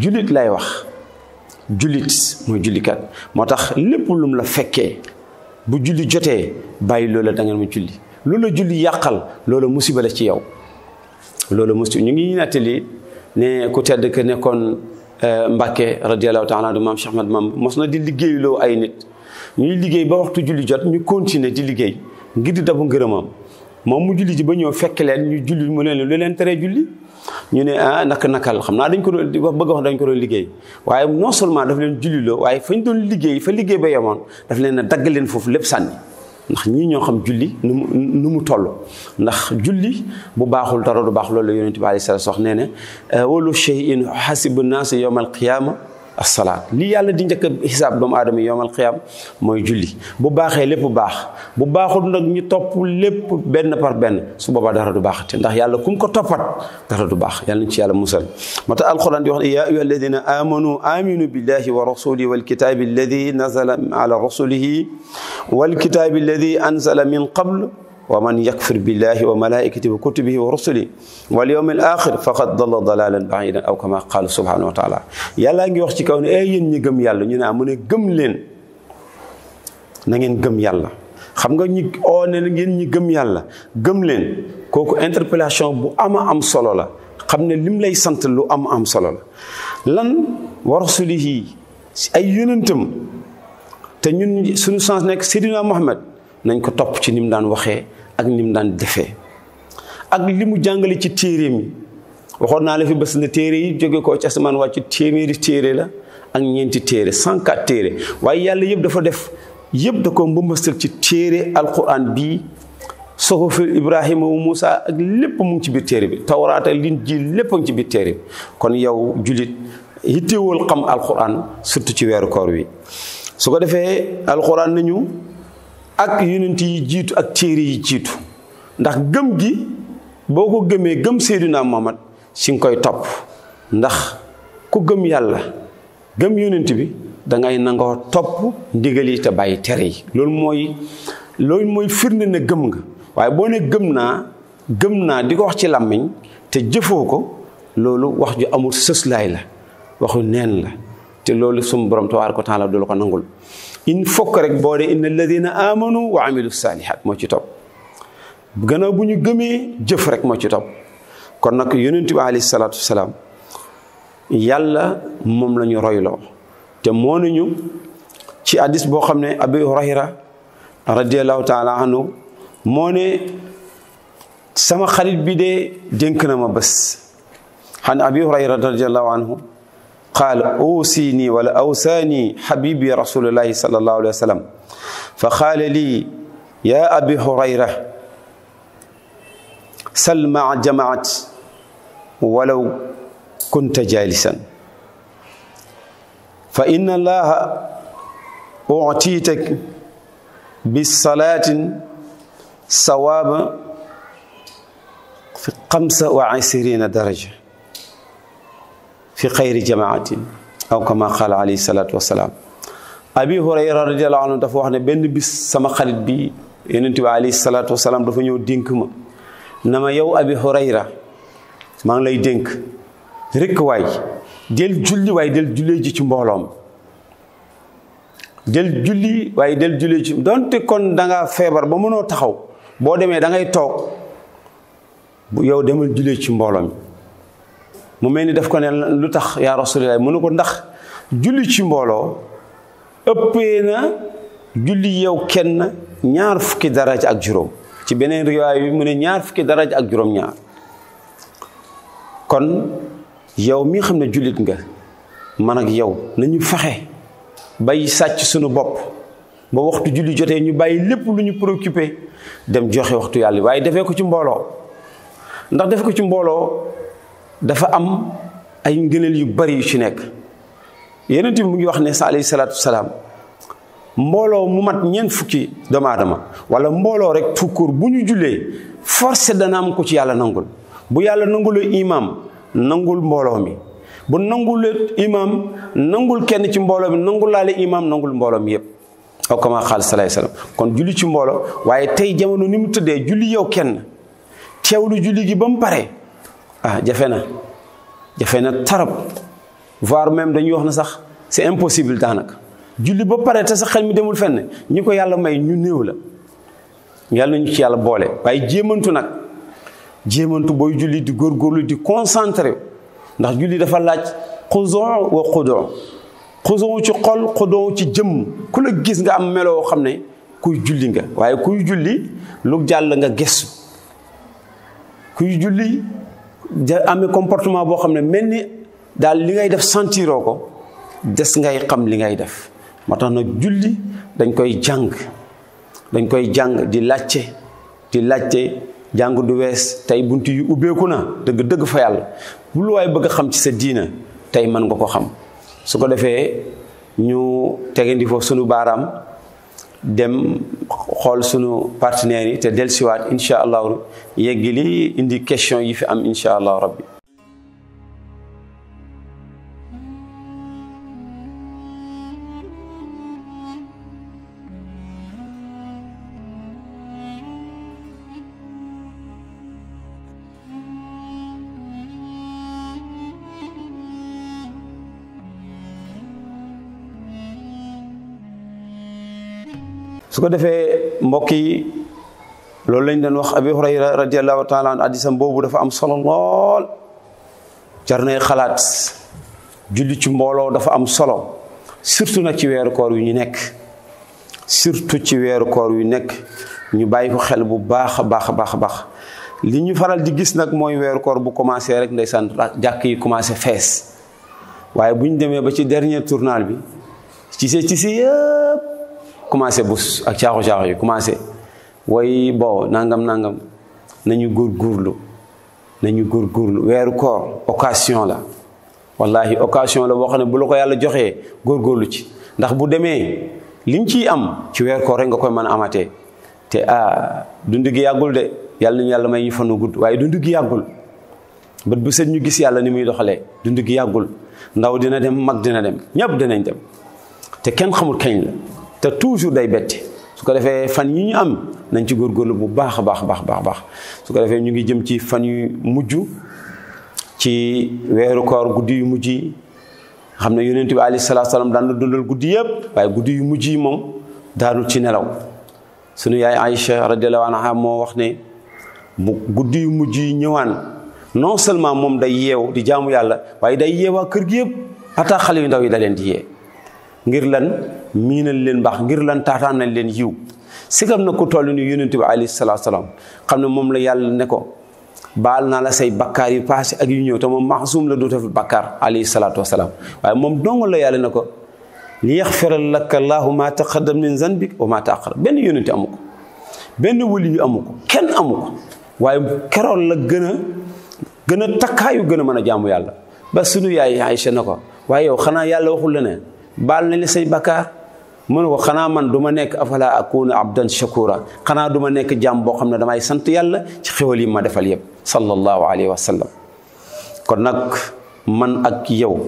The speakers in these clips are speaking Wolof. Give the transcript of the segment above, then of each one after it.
jullit lay wax jullit mooy jullikat moo tax lépp lum la fekkee bu julli jotee bàyyi loola da ngeen ma julli la julli yàqal loola musiba la ci yow loolu musiba ñu ngi nettali ne ku tedd ke nekkoon euh, Mbàkke radiallahu taala anhu maam Cheikh Ahmad maam mos na di liggéeyloo ay nit ñuy liggéey ba waxtu julli jot ñu continuer di liggéey ngir di dabu ngërëmam moom mu julli ji ba ñëw fekk leen ñu julli mu leen lu leen tere julli ñu ne ah nak nakal xam naa dañ ko doon wax bëgg wax dañ ko doon liggéey waaye non seulement daf leen julli loo waaye fañ doon liggéey fa liggéey ba yemoon daf leen dagg leen foofu lépp sànni ndax ñii ñoo xam julli nu mu nu mu toll ndax julli bu baaxul dara du baax loolu la yonente bi alei salatu wax nee ne walu shay'in hasibu naasa yawma al qiyaama الصلاه لي يالا دي نك حساب دوم ادم يوم القيامه موي جولي بو باخي لب باخ بو باخو نك ني توب لب بن بار بن سو بابا دارا دو باختي نده يالا كوم كو توبات دارا دو باخ يالا نتي يالا موسل متى القران دي وخ يا ايها الذين امنوا امنوا بالله ورسوله والكتاب الذي نزل على رسله والكتاب الذي انزل من قبل ومن يكفر بالله وملائكته وكتبه ورسله واليوم الاخر فقد ضل ضلالا بعيدا او كما قال سبحانه وتعالى يلا نجي وقت كون اي ين ني گم يالا ني نامن گم لين نا نين گم يالا خم نغ ني او ني نين ني گم يالا گم لين كوكو انتربلاسيون بو اما ام سولو لا خم ني لم لاي سنت لو ام ام سولو لا لان ورسله اي يونتم تا نين سونو سانس نيك سيدنا محمد nañ ko topp ci ni mu daan waxee ak ni mu daan defe ak li mu jàngale ci téere mi waxoon naa la fi bés ne téere yi jóge ko ci asamaan wàcc téeméeri téere la ak ñeenti téere cent quatre téere waaye yàlla yëpp dafa def yëpp da ko mbëmbastal ci téere alquran bii soxofi ibrahima wu moussa ak lépp mu ci biir téere bi tawraat ak linjiil lépp a ci biir téere bi kon yow julit yittewul xam alquran surtout ci weeru koor wi su ko defee alquran nañu ak yonent yi jiitu ak téere yi jiitu ndax gëm gi boo ko gëmee gëm Seydina Muhammad si nga koy topp ndax ku gëm yàlla gëm yonent bi dangay nangoo topp ndigal yi te bàyyi tere yi loolu mooy loolu mooy firnde ne gëm nga waaye boo ne gëm naa gëm naa di ko wax ci làmmiñ te jëfoo ko loolu wax ju amul sëslaay la waxu neen la te loolu sum borom tabaaraka wa taala du la ko nangul in fokk rek boo dee inna alladina amanu wa amilu salihat moo ci topp gannaaw bu ñu gëmee jëf rek moo ci topp kon nag yonent bi alayhi salaatu wasalaam yàlla moom la royloo te moo nañu ci hadis boo xam ne abi hurayra radiallahu taala anhu moo ne sama xarit bi de dénk na ma bés xan abi hurayra radiallahu anhu قال أوصيني ولا أوصاني حبيبي رسول الله صلى الله عليه وسلم فقال لي يا أبي هريرة سل مع جماعة ولو كنت جالسا فإن الله أعطيتك بالصلاة صواب في خمسة وعشرين درجة fi xayri jamaatin aw kama qaala alayhi salaatu wasalaam abi hurayra radiallahu anhu dafa wax ne benn bis sama xarit bi yonent bi alayhi salaatu wasalaam dafa ñëw dénk ma nama ma yow abi hurayra maa ngi lay dénk rekk waay del julli waaye del ji ci mbooloom del julli waaye del jullee donte kon danga feebar ba mënoo taxaw boo demee dangay ngay toog yow demal jullee ci mbooloom mu mel ni def ko ne lu tax yaa rasulilah mu ne ko ndax julli ci mbooloo ëppee na julli yow kenn ñaar fukki daraja ak juróom ci beneen riwaay bi mu ne ñaar fukki daraja ak juróom-ñaar kon yow mi xam ne jullit nga man ak yow nañu faxe bay sàcc sunu bopp ba waxtu julli jotee ñu bàyyi lépp lu ñu préoccupé dem joxe waxtu yàlla waaye defee ko ci mbooloo ndax def ko ci mbooloo dafa am ay ngëneel yu bari yu ci nekk yeneen bi mu ngi wax ne sa alayhi salaam mbooloo mu mat ñeent fukki doomu aadama wala mbooloo rek tukkur bu ñu jullee forcé dana ko ci yàlla nangul bu yàlla nangulee imaam nangul mbooloo mi bu nangulee imaam nangul kenn ci mbooloo mi nangulaale imaam nangul mbooloo mi yépp aw kama xaal salaay salaam kon julli ci mboolo waaye tey jamono ni mu tëddee julli yow kenn teewlu julli gi ba mu pare ah jafe na jafe na tarab voire même dañuy wax na sax c'est impossible daanaka julli ba pare te sax xel mi demul fenn ñi ko yàlla may ñu néew la yàlla nañu ci yàlla boole waaye jéemantu nag jéemantu booy julli di góorgóorlu di concentré ndax julli dafa laaj xuson wa xudon xuson ci xol xudon ci jëmm ku la gis nga am meloo xam ne kuy julli nga waaye kuy julli lu jàll nga gis kuy julli ja amee comportement boo xam ne mel ni daal li ngay def sentiroo ko des ngay xam li ngay def moo tax nag julli dañ koy jàng dañ koy jàng di laajte di laajte jàng du wees tey bunt yu ubbeeku na dëgg dëgg fa yàlla bu lu bëgg a xam ci sa diina tey mën nga ko xam su ko defee ñu tegandi foofu sunu baaraam dem xool sunu partenaires yi te dellusiwaat incha allahu yegg li indi question yi fi am incha allah rabbi su ko defee mbokk yi loolu lañ doon wax abi hurayra radiallahu taala an addisam boobu dafa am solo lool jar nay xalaat jullit ci mbooloo dafa am solo surtout nag ci weeru koor yu ñu nekk surtout ci weeru koor yu nekk ñu bàyyi ko xel bu baax a baax a baax a baax li ñu faral di gis nag mooy weeru koor bu commencé rek ndeysaan jàkk yi commencé fees waaye bu ñu demee ba ci dernier tournal bi ci see ci si yëpp commencé bus ak caaxu caaxu yi commencé way bo nangam nangam nañu góorgóorlu nañu góorgóorlu weeru koor occasion la wallahi occasion la boo xam ne bu la ko yàlla joxee góorgóorlu ci ndax bu demee liñ ciy am ci weeru koor rek nga koy mën a amatee te ah dund gi yàggul de yàlla nañu yàlla may ñu fanu gudd waaye dund gi yàggul bët bu set ñu gis yàlla ni muy doxalee dund gi yàggul ndaw dina dem mag dina dem ñëpp dinañ dem te kenn xamul kañ la te toujours day betti su ko defee fan yi ñu am nañ ci góorgóorlu bu baax a baax baax baax su ko defee ñu ngi jëm ci fan yu mujj ci weeru koor guddi yu mujj yi xam ne yonent bi aleyhi salaatu salaam daan la dundal guddi yëpp waaye guddi yu mujj yi moom daanul ci nelaw sunu yaay Aïcha radiyallahu anha moo wax ne bu guddi yu mujj yi ñëwaan non seulement moom day yeew di jaamu yàlla waaye day yeewaa kër gi yëpp ataa xale yu ndaw yi da leen di yee ngir lan miinal leen mbaax ngir lan taataan nañ leen yiw sigam na ku toll ni yonent bi alayhi salaam xam na moom la yàlla ne ko baal naa la say bakkaar yu paase ak yu ñëw te moom maxsum la dootoo fi bakkaar alayhi salaatu wasalaam waaye moom dong la yàlla ne ko li yaxfira laka llaahu maa taqaddam min zanbik wa maa taaxar benn yonent amu ko benn wali yu amu ko kenn amu ko waaye keroog la gën a gën a takkaayu gën a mën a jaamu yàlla ba sunu yaay Aïcha na ko waaye yow xanaa yàlla mu ne ko xanaa man du ma nekk afala akuna abdan shakura xanaa du ma nekk boo xam ne damay sant yàlla ci xéwal yi ma defal yépp sallallahu alayhi wa sallam kon nag man ak yow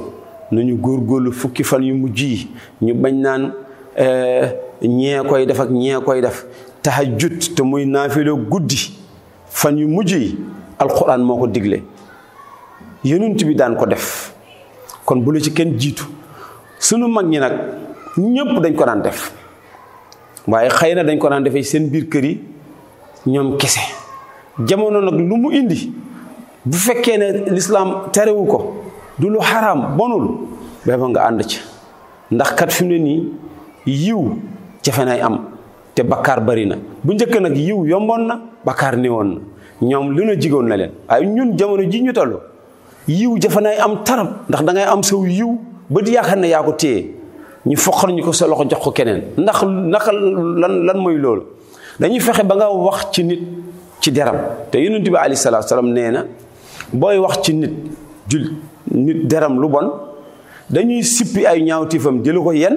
nañu góorgóorlu fukki fan yu mujj yi ñu bañ naan eh, ñee koy defak ak ñee koy def tahajjud te muy naafiloo guddi fan yu mujj yi alquran moo ko digle yonent bi daan ko def kon bu ci kenn jiitu sunu mag ñi nag ñëpp dañ ko daan def waaye xëy na dañ ko daan defee seen biir kër yi ñoom kese jamono nag lu mu indi bu fekkee ne lislaam terewu ko du lu xaraam bonul ba ba nga ànd ci ndax kat ne nii yiw jafe nay am te bakkaar bari na bu njëkk nag yiw yomboon na bakkaar néewoon na ñoom lu ne jigoon na leen waaye ñun jamono ji ñu toll yiw jafe nay am tarab ndax dangay am saw yiw ba di yaakaar ne yaa ko téye ñu foqar ñu ko sa loxo jox ko keneen ndax naka lan lan mooy loolu dañuy fexe ba nga wax ci nit ci deram te yonent bi aleyhi salaatu salaam nee na booy wax ci nit jul nit deram lu bon dañuy sippi ay ñaaw ñaawtiifam jëlu ko yenn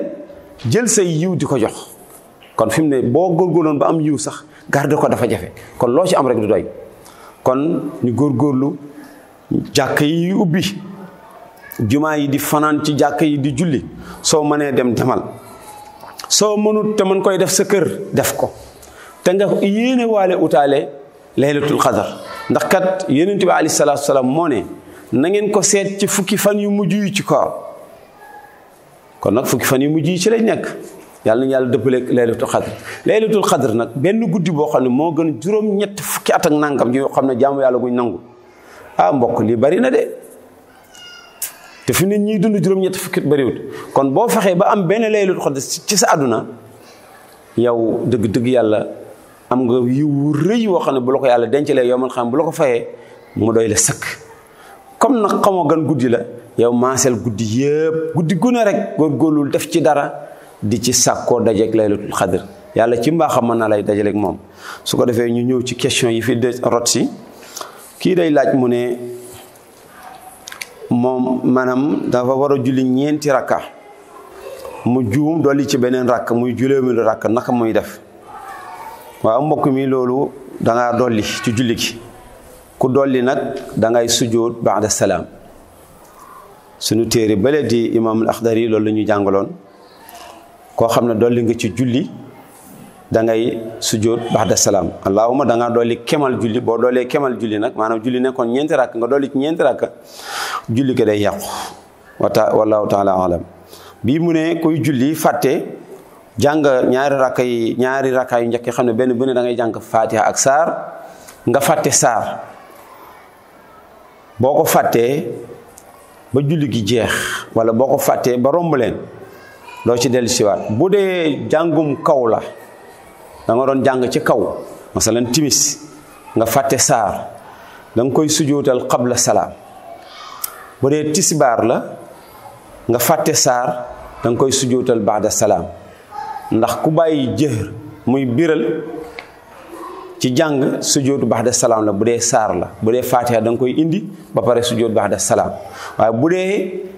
jël say yiw di ko jox kon fi mu ne boo góorgóorloon ba am yiw sax garde ko dafa jafe kon loo ci am rek du doy kon ñu góor góorlu jàkk yi ubbi juma yi di fanan ci jàkk yi di julli soo mënee dem demal soo mënut te mën koy def sa kër def ko te nga yéene waale utaale laylatul xadar ndax kat yonent bi alayhi salaatu salaam moo ne na ngeen ko seet ci fukki fan yu mujj yi ci koor kon nag fukki fan yu mujj yi ci lay nekk yàlla nañu yàlla dëppale laylatul xadr laylatul xadr nag benn guddi boo xam ne moo gën juróom-ñett fukki at ak nangam yoo xam ne jaamu yàlla guñ nangu ah mbokk lii bari na de. te fi nit ñiy dund juróom-ñetti fukki at bariwut kon boo faxee ba am benn laylatul xadr ci sa àdduna yow dëgg-dëgg yàlla am nga yiwu rëy woo xam ne bu la ko yàlla dencalee yow man xam bu la ko fayee mu doy la sëkk comme nag xamoo gan guddi la yow maaseel guddi yëpp guddi gune rek góorlul def ci dara di ci sàkkoo dajeeg laylatul xadr yàlla ci mbaaxam mën naa lay dajaleeg moom su ko defee ñu ñëw ci question yi fi de rot si kii day laaj mu ne moom maanaam dafa war a julli ñeenti rakka mu juum dolli ci beneen rakk muy juróomeelu rakk naka muy def waaw mbokk mi loolu dangaa dolli ci julli gi ku dolli nag dangay sujjóot baada salaam sunu téere bële di imaamul axdari loolu la ñu jàngaloon koo xam ne dolli nga ci julli dangay sujjóot baada salaam allahuma dangaa dolli kemal julli boo doolee kemal julli nag maanaam julli nekkoon ñeenti rakk nga dolli ci ñeenti rakk julli ke day yàqu wata wallahu taala alam bi mu ne koy julli fatte jang ñaari rakay ñaari rakay yu xamne ben xam bu ne da ngay jang fatiha ak sar nga fàtte sar boko ko ba julli gi jeex wala boko fatte ba romb len do ci del ci wat budé jangum kaw da nga don jang ci kaw masalan timis nga fàtte sar, dang koy sujudal qabla salam bu dee tisbaar la nga fàtte saar da koy sujootal baada salaam ndax ku bàyyi jëhër muy biral ci jàng sujootu baada salaam la bu dee saar la bu dee fatiha da koy indi ba pare sujoot baada salaam waaye bu dee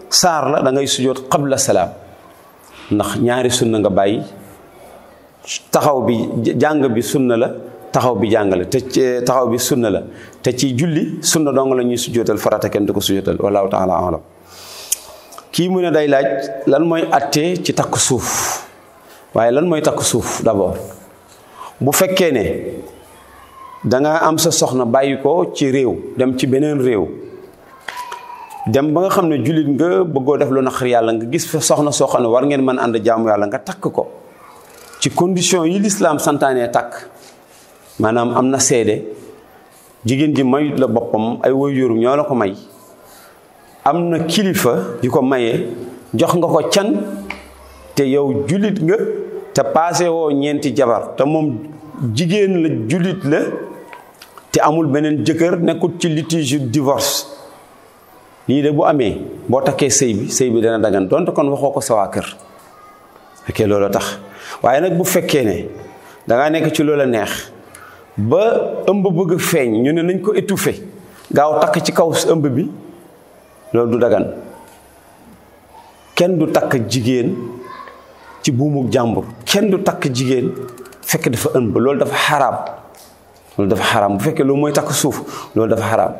saar la da ngay sujoot qabla salaam ndax ñaari sunna nga bàyyi taxaw bi jàng bi sunna la taxaw bi jàngale te eh, taxaw bi sunna la te ci julli sunna dong la ñuy sujjootal farata kenn du ko sujjootal wallahu taala alam kii mu ne day laaj lan mooy àtte ci takk suuf waaye lan mooy takk suuf d'abord bu fekkee ne danga am sa soxna bàyyi ko ci réew dem ci beneen réew dem ba nga xam ne jullit nga bëggoo def lu naqar yàlla nga gis fa soxna soo xam ne war ngeen mën ànd jaamu yàlla nga takk ko ci condition yi lislaam santaane takk maanaam am na seede jigéen ji mayut la boppam ay waajur ñoo la ko may am na kilifa yu ko mayee jox nga ko can te yow jullit nga te paase woo ñeenti jabar te moom jigéen la jullit la te amul beneen jëkkër nekkut ci litige divorce lii de bu amee boo takkee sëy bi sëy bi dana dagan donte kon waxoo ko sawaa kër fekkee loolu tax waaye nag bu fekkee ne danga nekk ci loola neex ba ëmb bëgg feeñ ñu ne nañ ko étufe gaaw takk ci kaw ëmb bi loolu du dagan kenn du takk jigéen ci buumu jàmbur kenn du takk jigéen fekk dafa ëmb loolu dafa xaraam loolu dafa xaraam bu fekkee loolu mooy takk suuf loolu dafa xaraam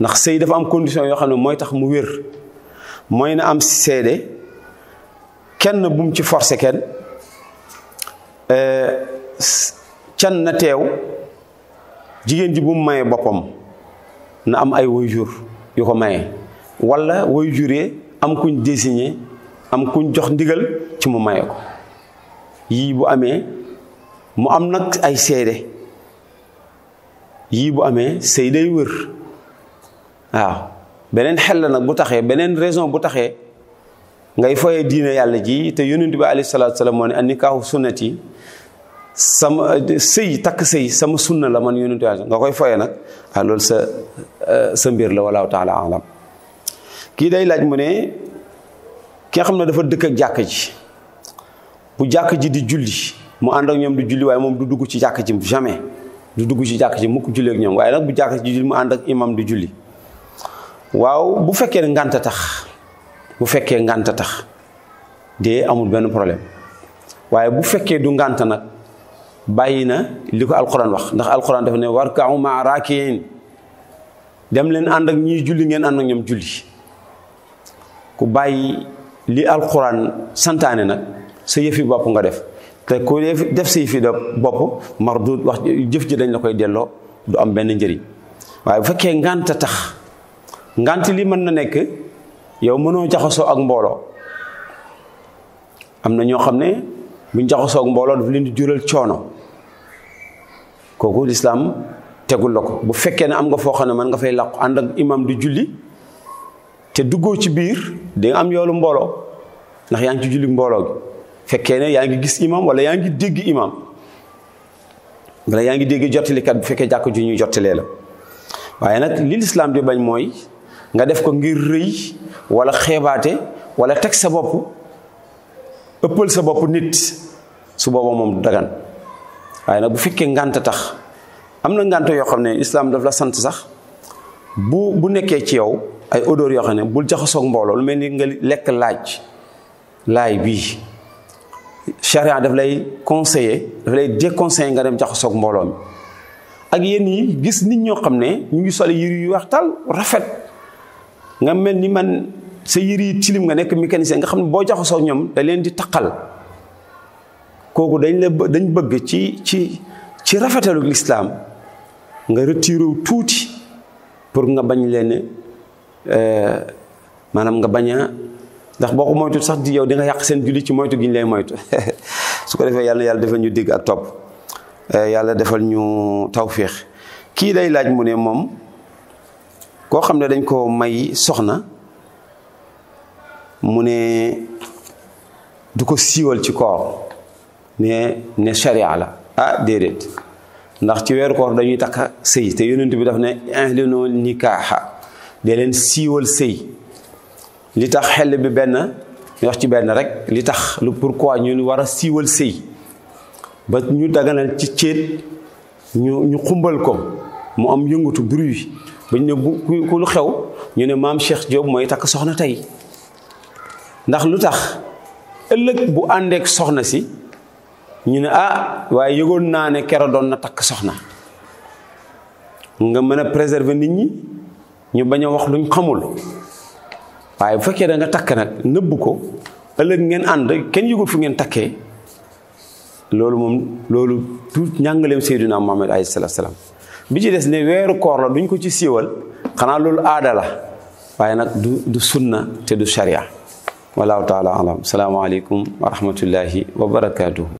ndax sëy dafa am condition yoo xam ne mooy tax mu wér mooy na am seede kenn bu ci forcer kenn euh, can na teew jigéen ji bu mu maye boppam na am ay waajur yu ko maye walla waajur yi am kuñ désigné am kuñ jox ndigal ci mu maye ko yii bu amee mu am nag ay seede yii bu amee sëy day wër waaw beneen xel la nag bu taxee beneen raison bu taxee ngay foyee diine yàlla ji te yonent bi alayhi salaatu salaam moo ne an nikaahu sunnati sama eh, sëy takk sëy sama sunna la man yonentu Yàlla nga koy foye nag ah eh, sa mbir la wallahu taala alam kii day laaj mu ne ki xam ne dafa dëkk ak jàkk ji bu jàkk ji di julli mu ànd ak ñoom di julli waaye moom du dugg ci jàkk ji jamais du dugg ci jàkk ji mukk julli ñoom waaye nag bu jàkk ji mu ànd ak imam di julli waaw bu fekkee ngànt tax bu fekkee ngànt tax de amul benn problème waaye bu fekkee du ngànt nag bàyyi na li ko alquran wax ndax alquran dafa ne warka'u ma'a raaki'iin dem leen ànd ak ñiy julli ngeen ànd ak ñoom julli ku bàyyi li alxuraan santaane nag sa yëfi bopp nga def te ku def sa yëfi bopp mardud wax jëf ji dañ la koy delloo du am benn njariñ waaye bu fekkee ngànt tax ngant li mën na nekk yow mënoo jaxasoo ak mbooloo am na ñoo xam ne bu ñu jaxasoog mbooloo daf leen di jural coono kooku lislaam tegul la ko bu fekkee ne am nga foo xam ne mën nga fay làqu ànd ak imam di julli te duggoo ci biir di am yoolu mbooloo ndax yaa ngi ci julli mbooloo gi fekkee ne yaa ngi gis imam wala yaa ngi dégg imaam wala yaa ngi dégg jottalikat bu fekkee jàkk ju ñuy jottalee la waaye nag li lislaam di bañ mooy nga def ko ngir rëy wala xeebaate wala teg sa bopp ëppal sa bopp nit su boobaa moom du dagan waaye nag bu fekkee ngànt tax am na ngànt yoo xam ne islaam daf la sant sax bu bu nekkee ci yow ay odeur yoo xam ne bul jaxasoog mbooloo lu mel ni nga lekk laaj laay bii charia daf lay conseiller daf lay déconseiller nga dem mbooloo mi ak yéen yi gis nit ñoo xam ne ñu ngi sol yëre yu waxtal rafet nga mel ni man sa yére yi tilim nga nekk mécanicien nga xam ne boo jaxasoo ñoom da leen di taqal kooku dañ la dañ bëgg ci ci ci rafetalu lislaam nga retiré wu tuuti pour nga bañ leen euh, maanaam nga bañ a ndax boo ko moytu sax di yow dinga yàq seen julli ci moytu gi ñu lay moytu su ko defee yàlla yàlla defal ñu dégg ak topp euh, yàlla defal ñu tawféex kii lay laaj mu ne moom koo xam ne dañ ko may soxna mu ne du ko siiwal ci koor ne ne sharia la ah déedéet ndax ci weeru koor dañuy takk sëy te yonent bi daf ne ihlinu nikaaha de leen siiwal sëy li tax xel bi benn wax ci benn rek li tax lu pourquoi ñun war a siiwal sëy ba ñu daganal ci céet ñu ñu xumbal ko mu am yëngutu bruit bañ ne bu ku lu xew ñu ne maam Cheikh Diop mooy takk soxna tey ndax lutax tax bu andek soxna si ñu ne ah waaye yëgoon naa ne kero doon na takk soxna nga mën a préserver nit ñi ñu bañ a wax luñ xamul waaye bu fekkee da nga takk nag nëbb ko ëllëg ngeen ànd kenn yëgul fu ngeen takkee loolu moom loolu tout njàngaleem seyduna mohamed alayhi salatu salaam bi ci des ne weeru koor la duñ ko ci siiwal xanaa loolu aada la waaye nag du sunna te du sharia والله تعالى أعلم السلام عليكم ورحمة الله وبركاته